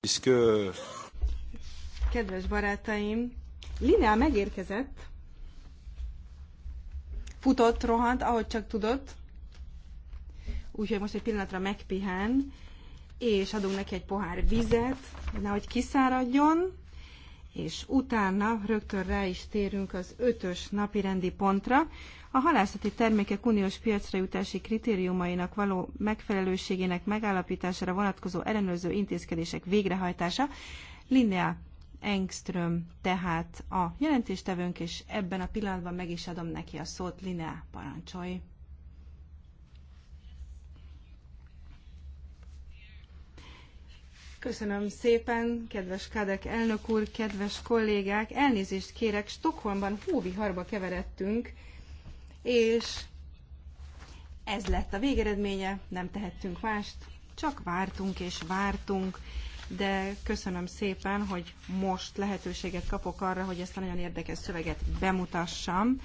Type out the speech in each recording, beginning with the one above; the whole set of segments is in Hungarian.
Puisque... Kedves barátaim, Linea megérkezett, futott, rohant, ahogy csak tudott, úgyhogy most egy pillanatra megpihen, és adunk neki egy pohár vizet, nehogy kiszáradjon, és utána rögtön rá is térünk az ötös napi rendi pontra, a halászati termékek uniós piacra jutási kritériumainak való megfelelőségének megállapítására vonatkozó ellenőrző intézkedések végrehajtása. Linnea Engström tehát a jelentéstevőnk, és ebben a pillanatban meg is adom neki a szót. Linnea, parancsolj! Köszönöm szépen, kedves Kadek elnök úr, kedves kollégák! Elnézést kérek, Stockholmban hóviharba keveredtünk, és ez lett a végeredménye, nem tehettünk mást, csak vártunk és vártunk, de köszönöm szépen, hogy most lehetőséget kapok arra, hogy ezt a nagyon érdekes szöveget bemutassam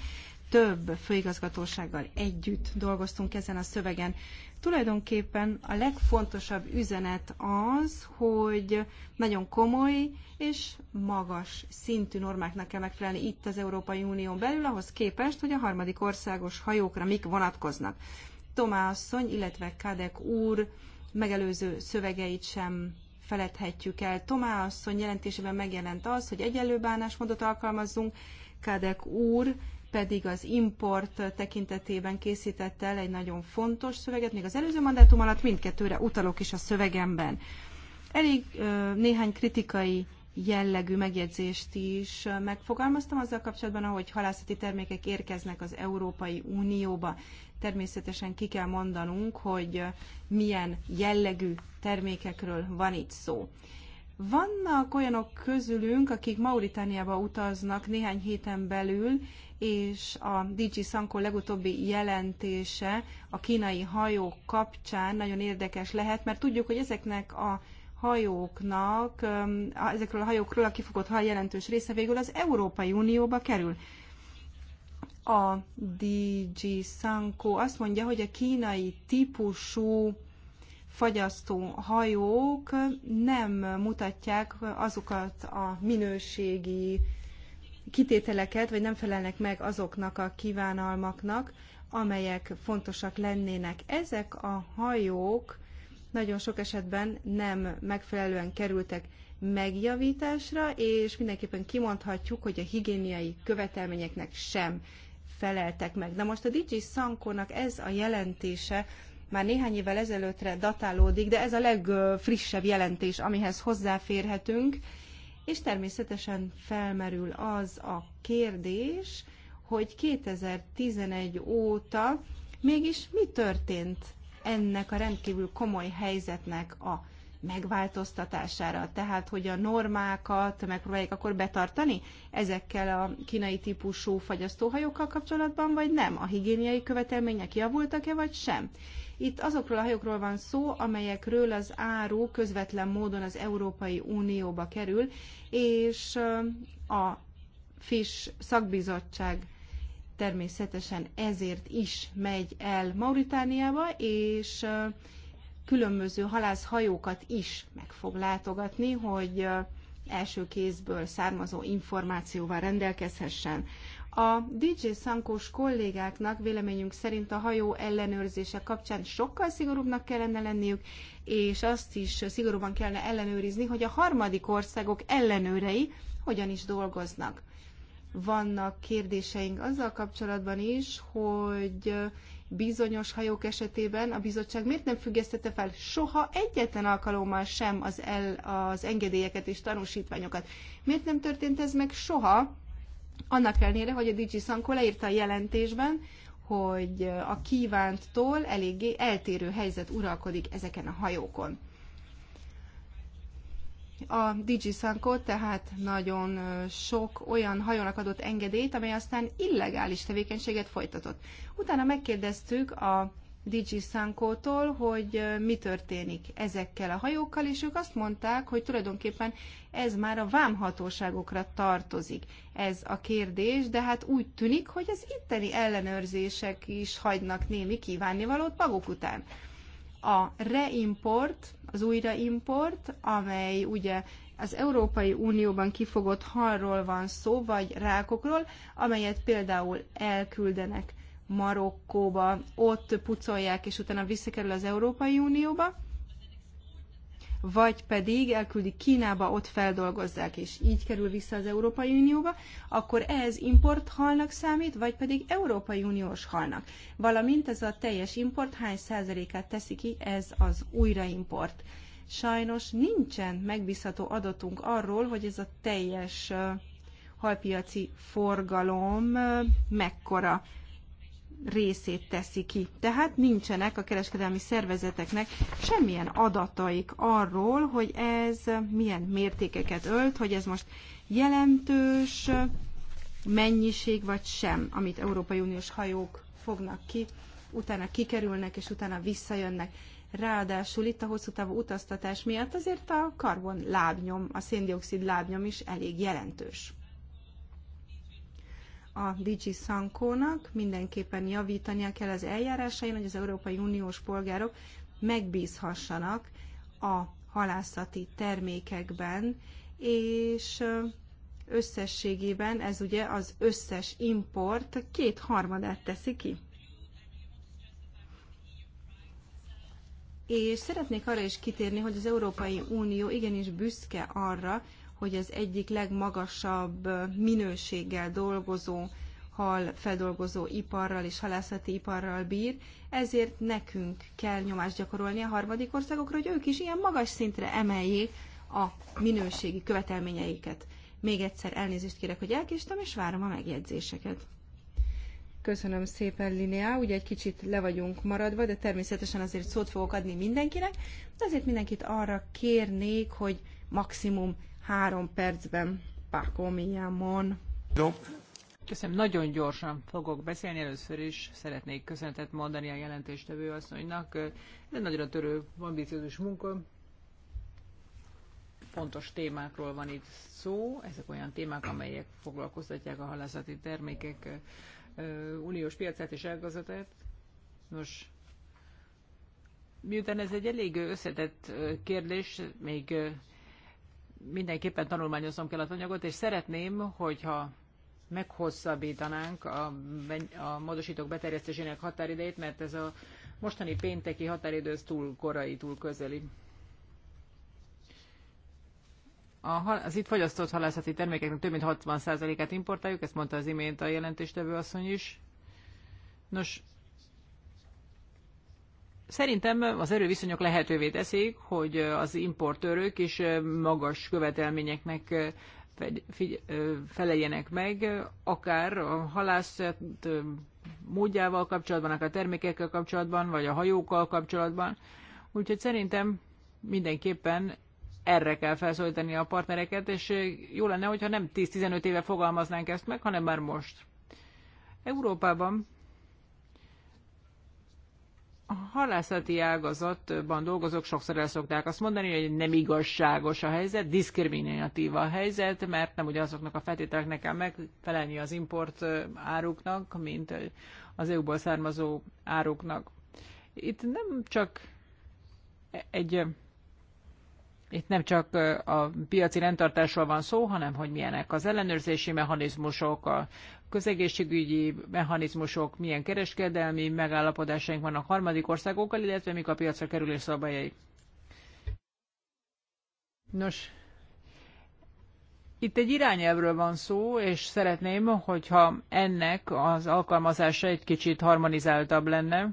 több főigazgatósággal együtt dolgoztunk ezen a szövegen. Tulajdonképpen a legfontosabb üzenet az, hogy nagyon komoly és magas szintű normáknak kell megfelelni itt az Európai Unión belül, ahhoz képest, hogy a harmadik országos hajókra mik vonatkoznak. Tomászony, illetve Kadek úr megelőző szövegeit sem feledhetjük el. Tomászony jelentésében megjelent az, hogy egyenlő bánásmódot alkalmazzunk, Kadek úr pedig az import tekintetében készített el egy nagyon fontos szöveget, még az előző mandátum alatt mindkettőre utalok is a szövegemben. Elég néhány kritikai jellegű megjegyzést is megfogalmaztam azzal kapcsolatban, ahogy halászati termékek érkeznek az Európai Unióba. Természetesen ki kell mondanunk, hogy milyen jellegű termékekről van itt szó. Vannak olyanok közülünk, akik Mauritániába utaznak néhány héten belül, és a DG Sanko legutóbbi jelentése a kínai hajók kapcsán nagyon érdekes lehet, mert tudjuk, hogy ezeknek a hajóknak, ezekről a hajókról a kifogott haj jelentős része végül az Európai Unióba kerül. A DG Sanko azt mondja, hogy a kínai típusú fagyasztó hajók nem mutatják azokat a minőségi kitételeket, vagy nem felelnek meg azoknak a kívánalmaknak, amelyek fontosak lennének. Ezek a hajók nagyon sok esetben nem megfelelően kerültek megjavításra, és mindenképpen kimondhatjuk, hogy a higiéniai követelményeknek sem feleltek meg. Na most a Digi Sankónak ez a jelentése már néhány évvel ezelőttre datálódik, de ez a legfrissebb jelentés, amihez hozzáférhetünk, és természetesen felmerül az a kérdés, hogy 2011 óta mégis mi történt ennek a rendkívül komoly helyzetnek a megváltoztatására, tehát hogy a normákat megpróbálják akkor betartani ezekkel a kínai típusú fagyasztóhajókkal kapcsolatban, vagy nem? A higiéniai követelmények javultak-e, vagy sem? Itt azokról a hajókról van szó, amelyekről az áru közvetlen módon az Európai Unióba kerül, és a FIS szakbizottság természetesen ezért is megy el Mauritániába, és különböző halászhajókat is meg fog látogatni, hogy első kézből származó információval rendelkezhessen. A DJ Szankós kollégáknak véleményünk szerint a hajó ellenőrzése kapcsán sokkal szigorúbbnak kellene lenniük, és azt is szigorúban kellene ellenőrizni, hogy a harmadik országok ellenőrei hogyan is dolgoznak. Vannak kérdéseink azzal kapcsolatban is, hogy bizonyos hajók esetében a bizottság miért nem függesztette fel soha egyetlen alkalommal sem az, el, az engedélyeket és tanúsítványokat? Miért nem történt ez meg soha? Annak ellenére, hogy a DG Sanko leírta a jelentésben, hogy a kívánttól eléggé eltérő helyzet uralkodik ezeken a hajókon a DG Sanko tehát nagyon sok olyan hajónak adott engedélyt, amely aztán illegális tevékenységet folytatott. Utána megkérdeztük a DG Sankótól, hogy mi történik ezekkel a hajókkal, és ők azt mondták, hogy tulajdonképpen ez már a vámhatóságokra tartozik. Ez a kérdés, de hát úgy tűnik, hogy az itteni ellenőrzések is hagynak némi kívánnivalót maguk után a reimport, az újraimport, amely ugye az Európai Unióban kifogott halról van szó, vagy rákokról, amelyet például elküldenek Marokkóba, ott pucolják, és utána visszakerül az Európai Unióba vagy pedig elküldik Kínába, ott feldolgozzák, és így kerül vissza az Európai Unióba, akkor ez import halnak számít, vagy pedig Európai Uniós halnak. Valamint ez a teljes import hány százalékát teszi ki ez az újraimport. Sajnos nincsen megbízható adatunk arról, hogy ez a teljes halpiaci forgalom mekkora részét teszi ki. Tehát nincsenek a kereskedelmi szervezeteknek semmilyen adataik arról, hogy ez milyen mértékeket ölt, hogy ez most jelentős mennyiség vagy sem, amit Európai Uniós hajók fognak ki, utána kikerülnek és utána visszajönnek. Ráadásul itt a hosszú távú utaztatás miatt azért a karbon lábnyom, a széndiokszid lábnyom is elég jelentős a Digi Sankónak mindenképpen javítania kell az eljárásain, hogy az Európai Uniós polgárok megbízhassanak a halászati termékekben, és összességében ez ugye az összes import két harmadát teszi ki. És szeretnék arra is kitérni, hogy az Európai Unió igenis büszke arra, hogy az egyik legmagasabb minőséggel dolgozó hal feldolgozó iparral és halászati iparral bír, ezért nekünk kell nyomást gyakorolni a harmadik országokra, hogy ők is ilyen magas szintre emeljék a minőségi követelményeiket. Még egyszer elnézést kérek, hogy elkéstem, és várom a megjegyzéseket. Köszönöm szépen, Linea. Ugye egy kicsit le vagyunk maradva, de természetesen azért szót fogok adni mindenkinek, de azért mindenkit arra kérnék, hogy maximum három percben Paco Miamon. Köszönöm, nagyon gyorsan fogok beszélni. Először is szeretnék köszönetet mondani a jelentéstevő asszonynak. Ez egy nagyra törő, ambiciózus munka. Fontos témákról van itt szó. Ezek olyan témák, amelyek foglalkoztatják a halászati termékek uniós piacát és elgazatát. Nos, miután ez egy elég összetett kérdés, még mindenképpen tanulmányozom kell az anyagot, és szeretném, hogyha meghosszabbítanánk a, a módosítók beterjesztésének határidejét, mert ez a mostani pénteki határidő túl korai, túl közeli. A, az itt fogyasztott halászati termékeknek több mint 60%-át importáljuk, ezt mondta az imént a jelentéstevő asszony is. Nos, Szerintem az erőviszonyok lehetővé teszik, hogy az importőrök is magas követelményeknek feleljenek meg, akár a halászat módjával kapcsolatban, akár a termékekkel kapcsolatban, vagy a hajókkal kapcsolatban. Úgyhogy szerintem mindenképpen erre kell felszólítani a partnereket, és jó lenne, hogyha nem 10-15 éve fogalmaznánk ezt meg, hanem már most. Európában a halászati ágazatban dolgozók sokszor el szokták azt mondani, hogy nem igazságos a helyzet, diszkriminatív a helyzet, mert nem ugyanazoknak a feltételeknek kell megfelelni az import áruknak, mint az EU-ból származó áruknak. Itt nem csak e- egy itt nem csak a piaci rendtartásról van szó, hanem hogy milyenek az ellenőrzési mechanizmusok, a közegészségügyi mechanizmusok, milyen kereskedelmi megállapodásaink vannak harmadik országokkal, illetve mik a piacra kerülés szabályai. Nos, itt egy irányelvről van szó, és szeretném, hogyha ennek az alkalmazása egy kicsit harmonizáltabb lenne.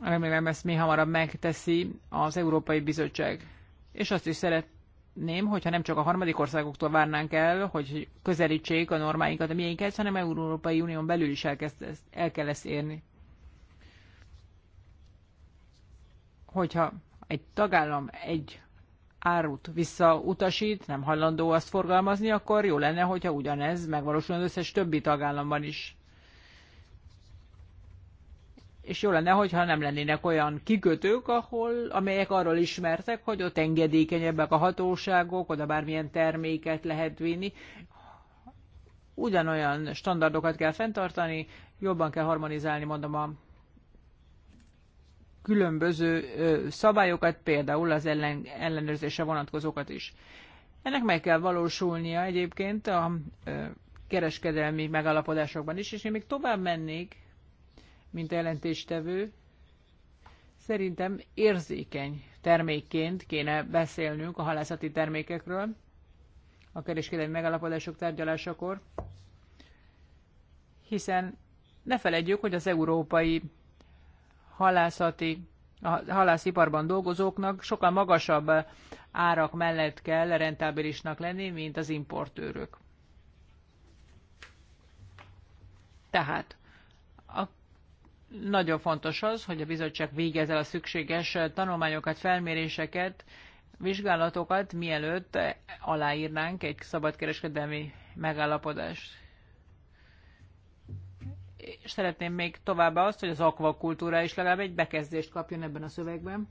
Remélem ezt mi hamarabb megteszi az Európai Bizottság és azt is szeretném, hogyha nem csak a harmadik országoktól várnánk el, hogy közelítsék a normáinkat a miénket, hanem Európai Unión belül is elkezd, el kell ezt érni. Hogyha egy tagállam egy árut visszautasít, nem hajlandó azt forgalmazni, akkor jó lenne, hogyha ugyanez megvalósul az összes többi tagállamban is és jó lenne, hogyha nem lennének olyan kikötők, ahol, amelyek arról ismertek, hogy ott engedékenyebbek a hatóságok, oda bármilyen terméket lehet vinni. Ugyanolyan standardokat kell fenntartani, jobban kell harmonizálni, mondom, a különböző szabályokat, például az ellen, ellenőrzése vonatkozókat is. Ennek meg kell valósulnia egyébként a kereskedelmi megállapodásokban is, és én még tovább mennék, mint jelentéstevő, szerintem érzékeny termékként kéne beszélnünk a halászati termékekről, a kereskedelmi megállapodások tárgyalásakor, hiszen ne feledjük, hogy az európai halászati, a halásziparban dolgozóknak sokkal magasabb árak mellett kell rentábilisnak lenni, mint az importőrök. Tehát nagyon fontos az, hogy a bizottság végezze a szükséges tanulmányokat, felméréseket, vizsgálatokat, mielőtt aláírnánk egy szabadkereskedelmi megállapodást. És szeretném még továbbá azt, hogy az akvakultúra is legalább egy bekezdést kapjon ebben a szövegben.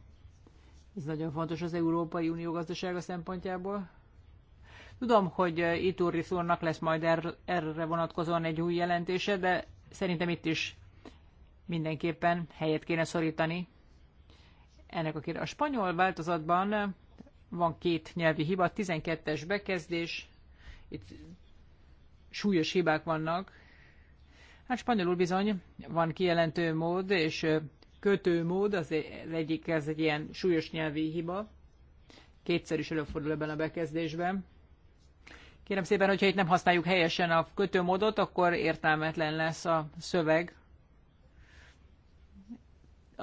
Ez nagyon fontos az Európai Unió gazdasága szempontjából. Tudom, hogy Iturris úrnak lesz majd er- erre vonatkozóan egy új jelentése, de szerintem itt is mindenképpen helyet kéne szorítani ennek a kér. A spanyol változatban van két nyelvi hiba, 12-es bekezdés, itt súlyos hibák vannak. Hát spanyolul bizony van kijelentő mód és kötő mód, e- az egyik, ez egy ilyen súlyos nyelvi hiba. Kétszer is előfordul ebben a bekezdésben. Kérem szépen, hogyha itt nem használjuk helyesen a kötőmódot, akkor értelmetlen lesz a szöveg.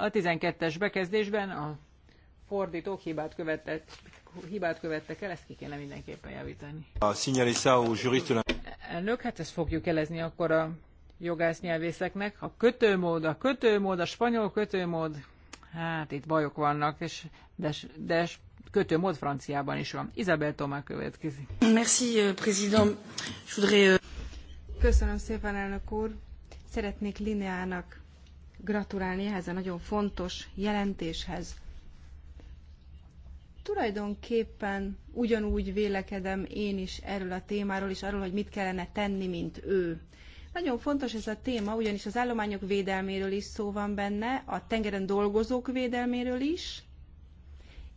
A 12-es bekezdésben a fordítók hibát követett, hibát követtek el, ezt ki kéne mindenképpen javítani. A szignalizáló juristula... Elnök, hát ezt fogjuk elezni akkor a jogásznyelvészeknek. A kötőmód, a kötőmód, a spanyol kötőmód, hát itt bajok vannak, és de, de kötőmód franciában is van. Isabel Tomá következik. Merci, euh, président. Euh- Köszönöm szépen, elnök úr. Szeretnék Lineának gratulálni ehhez a nagyon fontos jelentéshez. Tulajdonképpen ugyanúgy vélekedem én is erről a témáról, és arról, hogy mit kellene tenni, mint ő. Nagyon fontos ez a téma, ugyanis az állományok védelméről is szó van benne, a tengeren dolgozók védelméről is,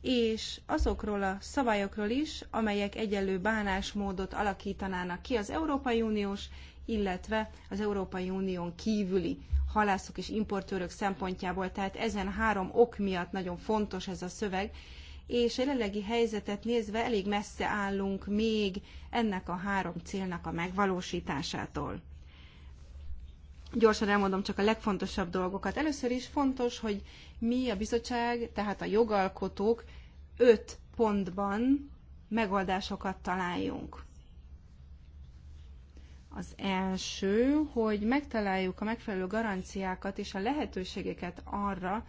és azokról a szabályokról is, amelyek egyenlő bánásmódot alakítanának ki az Európai Uniós illetve az Európai Unión kívüli halászok és importőrök szempontjából. Tehát ezen három ok miatt nagyon fontos ez a szöveg, és jelenlegi helyzetet nézve elég messze állunk még ennek a három célnak a megvalósításától. Gyorsan elmondom csak a legfontosabb dolgokat. Először is fontos, hogy mi a bizottság, tehát a jogalkotók öt pontban megoldásokat találjunk. Az első, hogy megtaláljuk a megfelelő garanciákat és a lehetőségeket arra,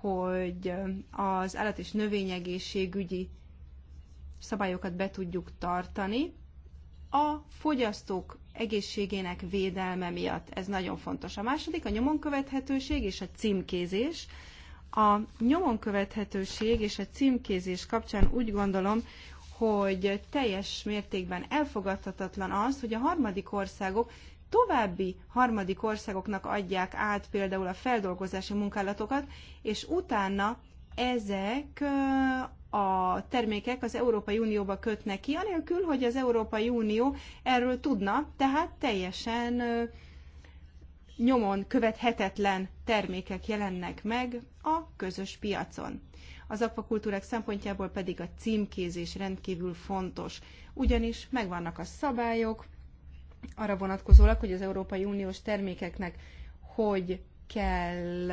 hogy az állat- és növényegészségügyi szabályokat be tudjuk tartani a fogyasztók egészségének védelme miatt. Ez nagyon fontos. A második a nyomon követhetőség és a címkézés. A nyomon követhetőség és a címkézés kapcsán úgy gondolom, hogy teljes mértékben elfogadhatatlan az, hogy a harmadik országok további harmadik országoknak adják át például a feldolgozási munkálatokat, és utána ezek a termékek az Európai Unióba kötnek ki, anélkül, hogy az Európai Unió erről tudna, tehát teljesen nyomon követhetetlen termékek jelennek meg a közös piacon az akvakultúrák szempontjából pedig a címkézés rendkívül fontos, ugyanis megvannak a szabályok, arra vonatkozólag, hogy az Európai Uniós termékeknek hogy kell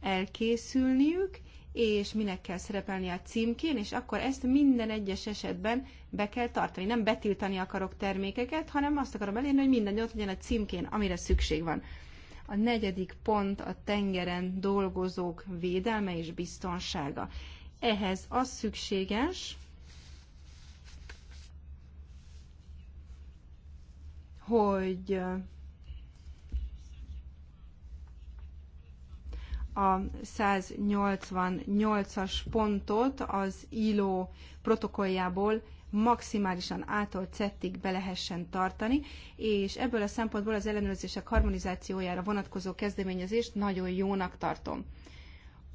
elkészülniük, és minek kell szerepelni a címkén, és akkor ezt minden egyes esetben be kell tartani. Nem betiltani akarok termékeket, hanem azt akarom elérni, hogy minden ott legyen a címkén, amire szükség van. A negyedik pont a tengeren dolgozók védelme és biztonsága. Ehhez az szükséges, hogy a 188-as pontot az ILO protokolljából maximálisan ától cettig be lehessen tartani, és ebből a szempontból az ellenőrzések harmonizációjára vonatkozó kezdeményezést nagyon jónak tartom.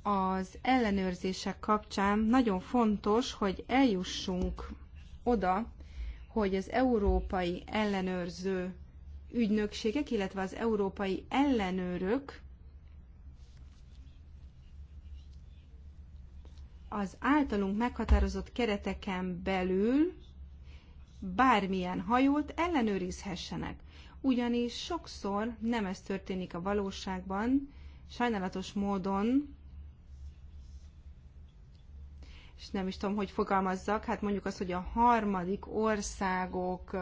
Az ellenőrzések kapcsán nagyon fontos, hogy eljussunk oda, hogy az európai ellenőrző ügynökségek, illetve az európai ellenőrök az általunk meghatározott kereteken belül bármilyen hajót ellenőrizhessenek. Ugyanis sokszor nem ez történik a valóságban, sajnálatos módon, és nem is tudom, hogy fogalmazzak, hát mondjuk az, hogy a harmadik országok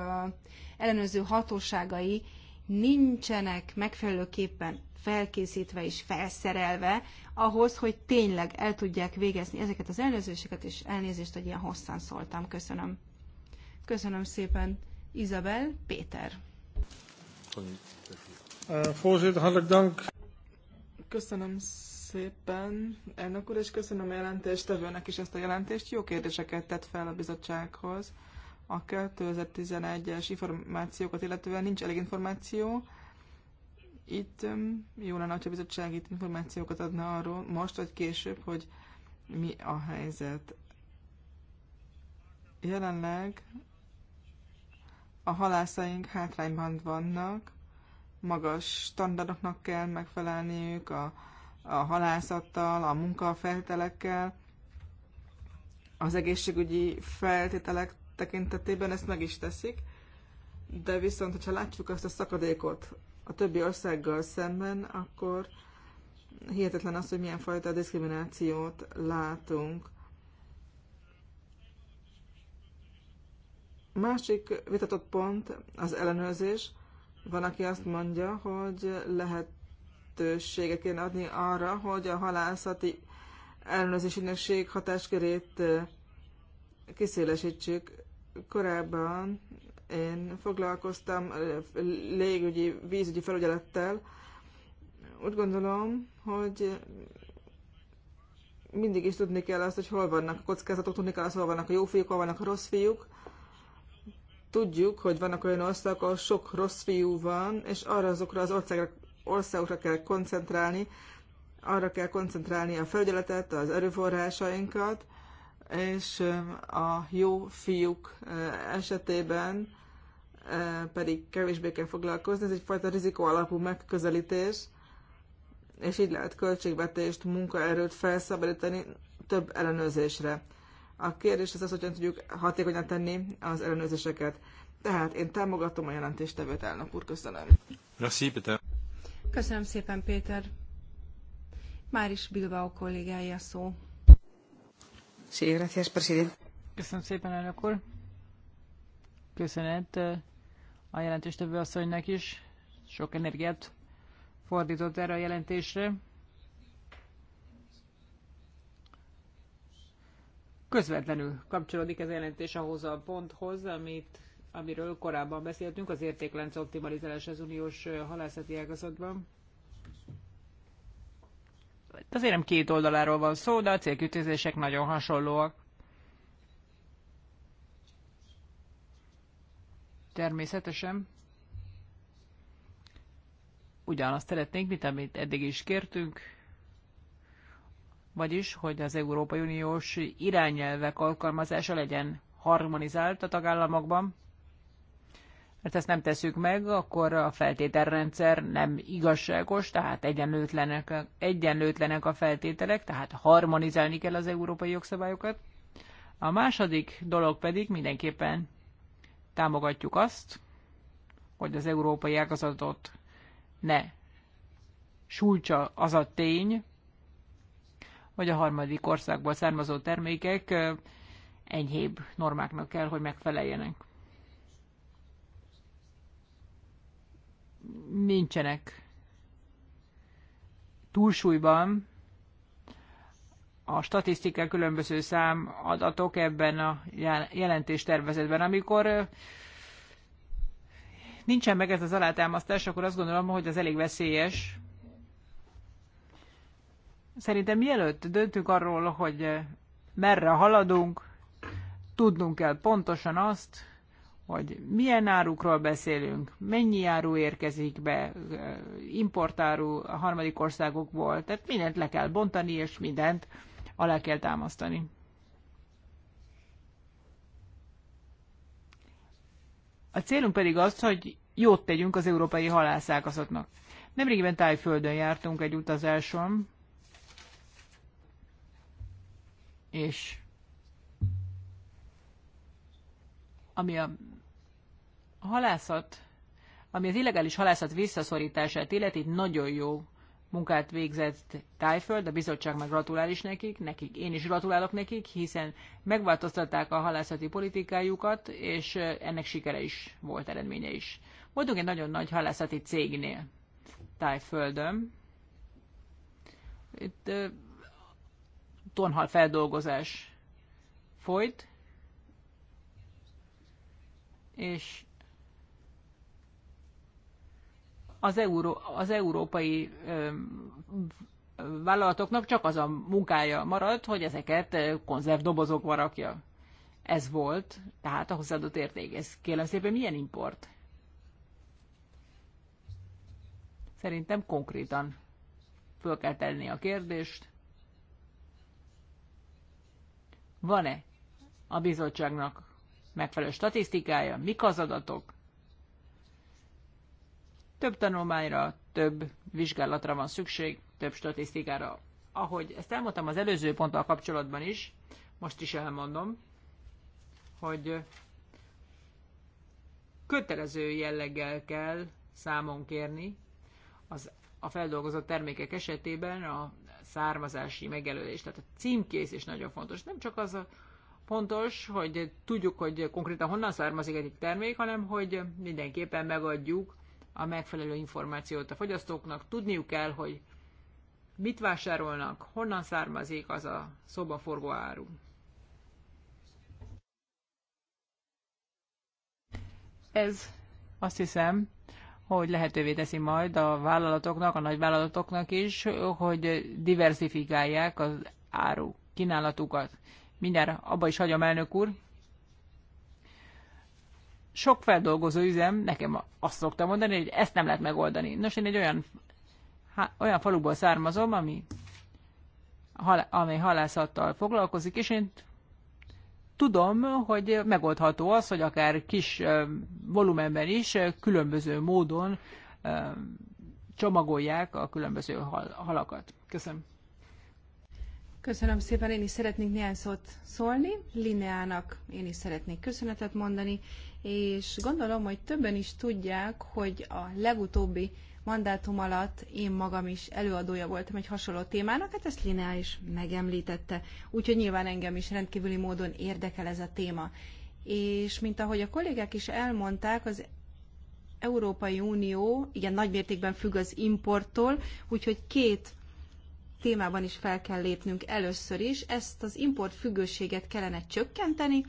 ellenőrző hatóságai nincsenek megfelelőképpen felkészítve és felszerelve ahhoz, hogy tényleg el tudják végezni ezeket az ellenőrzéseket, és elnézést, hogy ilyen hosszan szóltam. Köszönöm. Köszönöm szépen, Izabel, Péter. Eh, köszönöm szépen, elnök úr, és köszönöm a jelentéstevőnek is ezt a jelentést. Jó kérdéseket tett fel a bizottsághoz. A 2011-es információkat illetően nincs elég információ, itt jó lenne, hogyha a bizottság itt információkat adna arról most vagy később, hogy mi a helyzet. Jelenleg a halászaink hátrányban vannak, magas standardoknak kell megfelelniük a, a halászattal, a munkafeltételekkel, az egészségügyi feltételek tekintetében ezt meg is teszik, de viszont, hogyha látjuk azt a szakadékot, a többi országgal szemben, akkor hihetetlen az, hogy milyen fajta diszkriminációt látunk. Másik vitatott pont az ellenőrzés. Van, aki azt mondja, hogy lehetőséget kéne adni arra, hogy a halászati ellenőrzés ügynökség hatáskörét eh, kiszélesítsük. Korábban én foglalkoztam légügyi, vízügyi felügyelettel. Úgy gondolom, hogy mindig is tudni kell azt, hogy hol vannak a kockázatok, tudni kell azt, hol vannak a jó fiúk, hol vannak a rossz fiúk. Tudjuk, hogy vannak olyan országok, ahol sok rossz fiú van, és arra azokra az országra, országokra kell koncentrálni, arra kell koncentrálni a felügyeletet, az erőforrásainkat, és a jó fiúk esetében pedig kevésbé kell foglalkozni. Ez egyfajta rizikó alapú megközelítés, és így lehet költségvetést, munkaerőt felszabadítani több ellenőrzésre. A kérdés az az, hogyan tudjuk hatékonyan tenni az ellenőrzéseket. Tehát én támogatom a jelentéstevőt, elnök úr, köszönöm. Merci, Péter. Köszönöm szépen, Péter. Már is Bilbao kollégája szó. Sí, gracias, president. Köszönöm szépen, elnök úr. Köszönet a jelentéstevő asszonynak is. Sok energiát fordított erre a jelentésre. Közvetlenül kapcsolódik ez a jelentés ahhoz a ponthoz, amit, amiről korábban beszéltünk, az értéklenc optimalizálás az uniós halászati ágazatban. Azért nem két oldaláról van szó, de a célkütőzések nagyon hasonlóak. természetesen ugyanazt szeretnénk, mint amit eddig is kértünk, vagyis, hogy az Európai Uniós irányelvek alkalmazása legyen harmonizált a tagállamokban, mert ezt nem teszük meg, akkor a feltételrendszer nem igazságos, tehát egyenlőtlenek, egyenlőtlenek a feltételek, tehát harmonizálni kell az európai jogszabályokat. A második dolog pedig mindenképpen támogatjuk azt, hogy az európai ágazatot ne sújtsa az a tény, hogy a harmadik országból származó termékek enyhébb normáknak kell, hogy megfeleljenek. Nincsenek túlsúlyban a statisztikák különböző szám adatok ebben a jelentéstervezetben. Amikor nincsen meg ez az alátámasztás, akkor azt gondolom, hogy az elég veszélyes. Szerintem mielőtt döntünk arról, hogy merre haladunk, tudnunk kell pontosan azt, hogy milyen árukról beszélünk, mennyi áru érkezik be, importáru a harmadik országokból, tehát mindent le kell bontani, és mindent alá kell támasztani. A célunk pedig az, hogy jót tegyünk az európai halászágazatnak. Nemrégiben Tájföldön jártunk egy utazáson, és ami a halászat, ami az illegális halászat visszaszorítását illeti, nagyon jó munkát végzett Tájföld, a bizottság meg gratulál is nekik, nekik, én is gratulálok nekik, hiszen megváltoztatták a halászati politikájukat, és ennek sikere is volt eredménye is. Voltunk egy nagyon nagy halászati cégnél Tájföldön. Itt uh, tonhal feldolgozás folyt, és az, euró, az európai vállalatoknak csak az a munkája maradt, hogy ezeket konzervdobozokba rakja. Ez volt, tehát a hozzáadott érték. Ez kérem szépen milyen import? Szerintem konkrétan föl kell tenni a kérdést. Van-e a bizottságnak megfelelő statisztikája? Mik az adatok? Több tanulmányra, több vizsgálatra van szükség, több statisztikára. Ahogy ezt elmondtam az előző ponttal kapcsolatban is, most is elmondom, hogy kötelező jelleggel kell számon kérni az, a feldolgozott termékek esetében a származási megjelölés. Tehát a címkész is nagyon fontos. Nem csak az a fontos, hogy tudjuk, hogy konkrétan honnan származik egyik termék, hanem hogy mindenképpen megadjuk a megfelelő információt a fogyasztóknak. Tudniuk kell, hogy mit vásárolnak, honnan származik az a szobaforgó áru. Ez azt hiszem, hogy lehetővé teszi majd a vállalatoknak, a nagyvállalatoknak is, hogy diversifikálják az áru kínálatukat. Mindjárt abba is hagyom, elnök úr sok feldolgozó üzem, nekem azt szoktam mondani, hogy ezt nem lehet megoldani. Nos, én egy olyan, há, olyan faluból származom, ami, hal, amely halászattal foglalkozik, és én tudom, hogy megoldható az, hogy akár kis volumenben is különböző módon csomagolják a különböző hal, halakat. Köszönöm. Köszönöm szépen, én is szeretnék néhány szót szólni. Lineának én is szeretnék köszönetet mondani, és gondolom, hogy többen is tudják, hogy a legutóbbi mandátum alatt én magam is előadója voltam egy hasonló témának, hát ezt Linea is megemlítette, úgyhogy nyilván engem is rendkívüli módon érdekel ez a téma. És mint ahogy a kollégák is elmondták, az Európai Unió igen nagy mértékben függ az importtól, úgyhogy két témában is fel kell lépnünk először is. Ezt az import függőséget kellene csökkenteni,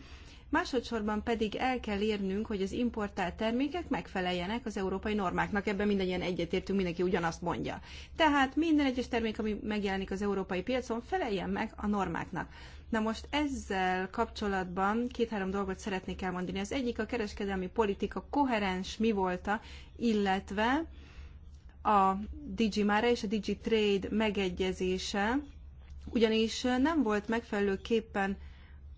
Másodszorban pedig el kell érnünk, hogy az importált termékek megfeleljenek az európai normáknak. Ebben mindannyian egyetértünk, mindenki ugyanazt mondja. Tehát minden egyes termék, ami megjelenik az európai piacon, feleljen meg a normáknak. Na most ezzel kapcsolatban két-három dolgot szeretnék elmondani. Az egyik a kereskedelmi politika koherens mi volta, illetve a Digimára és a Digitrade megegyezése, ugyanis nem volt megfelelőképpen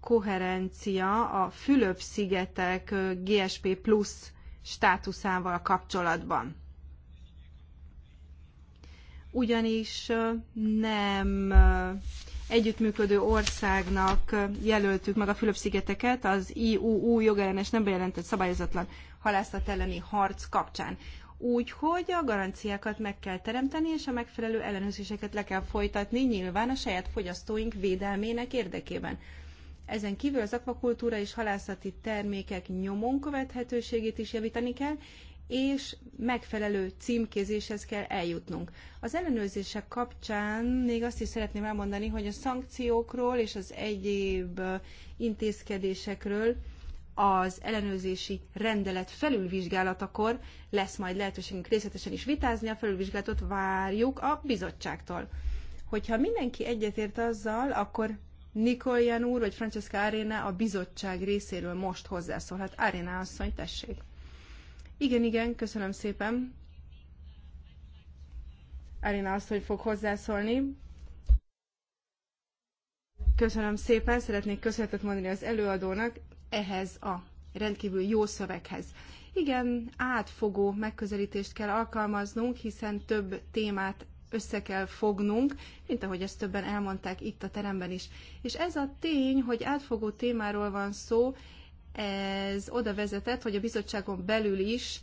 koherencia a Fülöp-szigetek GSP plusz státuszával kapcsolatban. Ugyanis nem együttműködő országnak jelöltük meg a Fülöp-szigeteket az IUU jogellenes nem bejelentett szabályozatlan halászat elleni harc kapcsán. Úgyhogy a garanciákat meg kell teremteni, és a megfelelő ellenőrzéseket le kell folytatni, nyilván a saját fogyasztóink védelmének érdekében. Ezen kívül az akvakultúra és halászati termékek nyomon követhetőségét is javítani kell, és megfelelő címkézéshez kell eljutnunk. Az ellenőrzések kapcsán még azt is szeretném elmondani, hogy a szankciókról és az egyéb intézkedésekről az ellenőrzési rendelet felülvizsgálatakor lesz majd lehetőségünk részletesen is vitázni, a felülvizsgálatot várjuk a bizottságtól. Hogyha mindenki egyetért azzal, akkor Nikoljan úr, vagy Francesca Aréna a bizottság részéről most hozzászól. Hát Arena asszony, tessék. Igen, igen, köszönöm szépen. Aréna asszony fog hozzászólni. Köszönöm szépen, szeretnék köszönetet mondani az előadónak ehhez a rendkívül jó szöveghez. Igen, átfogó megközelítést kell alkalmaznunk, hiszen több témát össze kell fognunk, mint ahogy ezt többen elmondták itt a teremben is. És ez a tény, hogy átfogó témáról van szó, ez oda vezetett, hogy a bizottságon belül is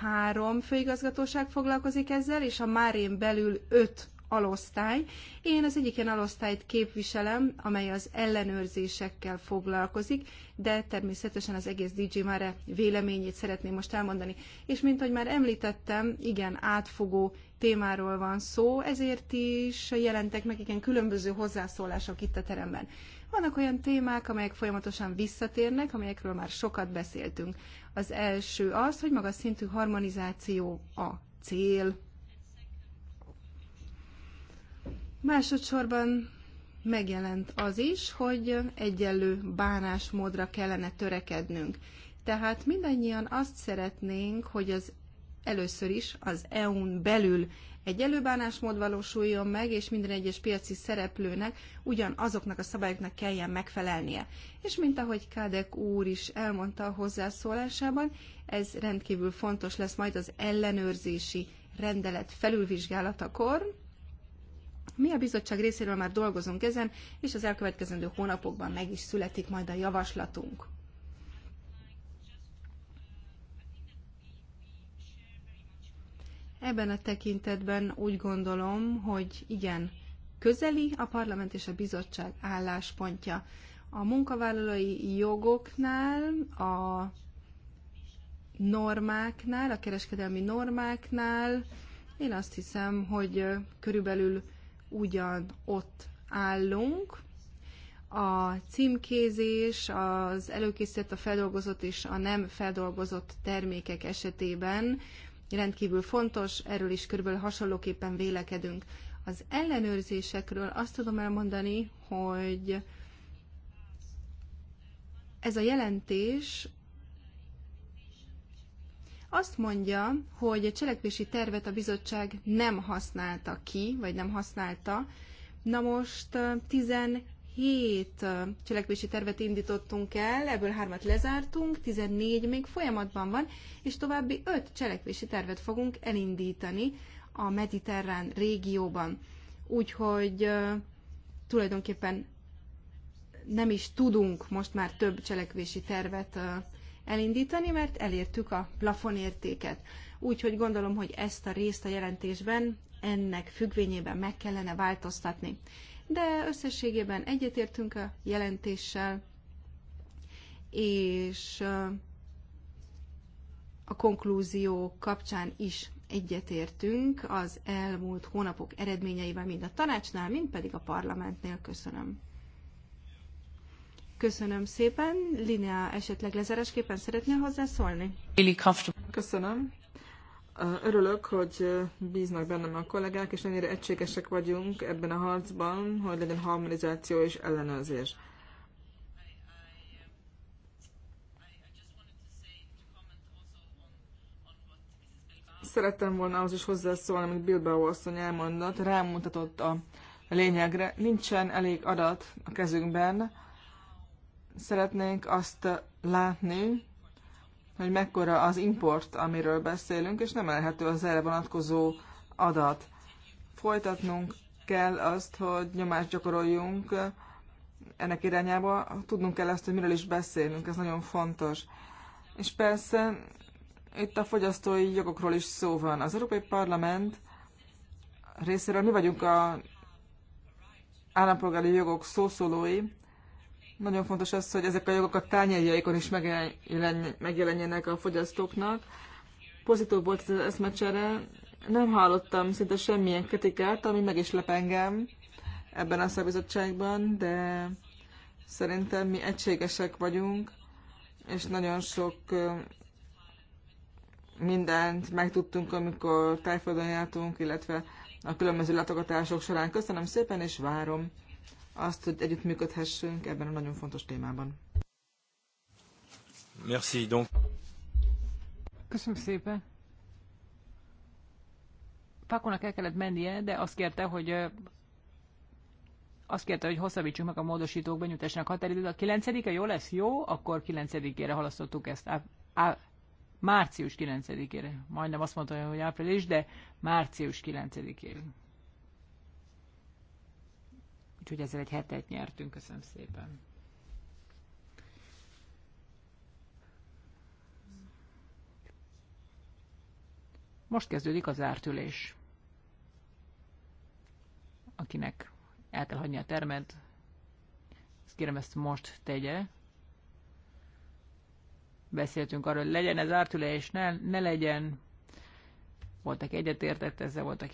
három főigazgatóság foglalkozik ezzel, és a Márén belül öt alosztály. Én az egyik ilyen alosztályt képviselem, amely az ellenőrzésekkel foglalkozik, de természetesen az egész dj Mare véleményét szeretném most elmondani. És mint ahogy már említettem, igen, átfogó témáról van szó, ezért is jelentek meg igen különböző hozzászólások itt a teremben. Vannak olyan témák, amelyek folyamatosan visszatérnek, amelyekről már sokat beszéltünk. Az első az, hogy magas szintű harmonizáció a cél, Másodszorban megjelent az is, hogy egyenlő bánásmódra kellene törekednünk. Tehát mindannyian azt szeretnénk, hogy az először is az EU-n belül egyenlő bánásmód valósuljon meg, és minden egyes piaci szereplőnek ugyanazoknak a szabályoknak kelljen megfelelnie. És mint ahogy Kádek úr is elmondta a hozzászólásában, ez rendkívül fontos lesz majd az ellenőrzési rendelet felülvizsgálatakor, mi a bizottság részéről már dolgozunk ezen, és az elkövetkezendő hónapokban meg is születik majd a javaslatunk. Ebben a tekintetben úgy gondolom, hogy igen, közeli a parlament és a bizottság álláspontja. A munkavállalói jogoknál, a normáknál, a kereskedelmi normáknál én azt hiszem, hogy körülbelül ugyan ott állunk. A címkézés, az előkészített, a feldolgozott és a nem feldolgozott termékek esetében rendkívül fontos, erről is körülbelül hasonlóképpen vélekedünk. Az ellenőrzésekről azt tudom elmondani, hogy ez a jelentés azt mondja, hogy a cselekvési tervet a bizottság nem használta ki, vagy nem használta. Na most 17 cselekvési tervet indítottunk el, ebből hármat lezártunk, 14 még folyamatban van, és további 5 cselekvési tervet fogunk elindítani a mediterrán régióban. Úgyhogy tulajdonképpen nem is tudunk most már több cselekvési tervet elindítani, mert elértük a plafonértéket. Úgyhogy gondolom, hogy ezt a részt a jelentésben ennek függvényében meg kellene változtatni. De összességében egyetértünk a jelentéssel, és a konklúzió kapcsán is egyetértünk az elmúlt hónapok eredményeivel, mind a tanácsnál, mind pedig a parlamentnél. Köszönöm. Köszönöm szépen. Linea esetleg lezárásképpen szeretnél hozzászólni? Köszönöm. Örülök, hogy bíznak bennem a kollégák, és ennyire egységesek vagyunk ebben a harcban, hogy legyen harmonizáció és ellenőrzés. Szerettem volna az is hozzászólni, amit Bilbao asszony elmondott, rámutatott a lényegre. Nincsen elég adat a kezünkben, szeretnénk azt látni, hogy mekkora az import, amiről beszélünk, és nem elérhető az erre vonatkozó adat. Folytatnunk kell azt, hogy nyomást gyakoroljunk ennek irányába, tudnunk kell azt, hogy miről is beszélünk, ez nagyon fontos. És persze itt a fogyasztói jogokról is szó van. Az Európai Parlament részéről mi vagyunk a állampolgári jogok szószólói, nagyon fontos az, hogy ezek a jogok a tányérjaikon is megjelenjenek a fogyasztóknak. Pozitív volt ez az eszmecsere, nem hallottam szinte semmilyen kritikát, ami meg is lep engem ebben a szabizottságban, de szerintem mi egységesek vagyunk, és nagyon sok mindent megtudtunk, amikor tájföldön jártunk, illetve a különböző látogatások során. Köszönöm szépen, és várom azt, hogy együttműködhessünk ebben a nagyon fontos témában. Merci, donc. Köszönöm szépen. Pakonak el kellett mennie, de azt kérte, hogy azt kérte, hogy hosszabbítsuk meg a módosítók benyújtásának határidőt. A 9-e jó lesz? Jó, akkor 9-ére halasztottuk ezt. Á, á, március 9-ére. Majdnem azt mondtam, hogy április, de március 9-ére. Úgyhogy ezzel egy hetet nyertünk, köszönöm szépen. Most kezdődik az ártülés. Akinek el kell hagyni a termet, ezt kérem ezt most tegye. Beszéltünk arról, hogy legyen ez ártülés, ne, ne legyen. Voltak egyetértett ezzel, voltak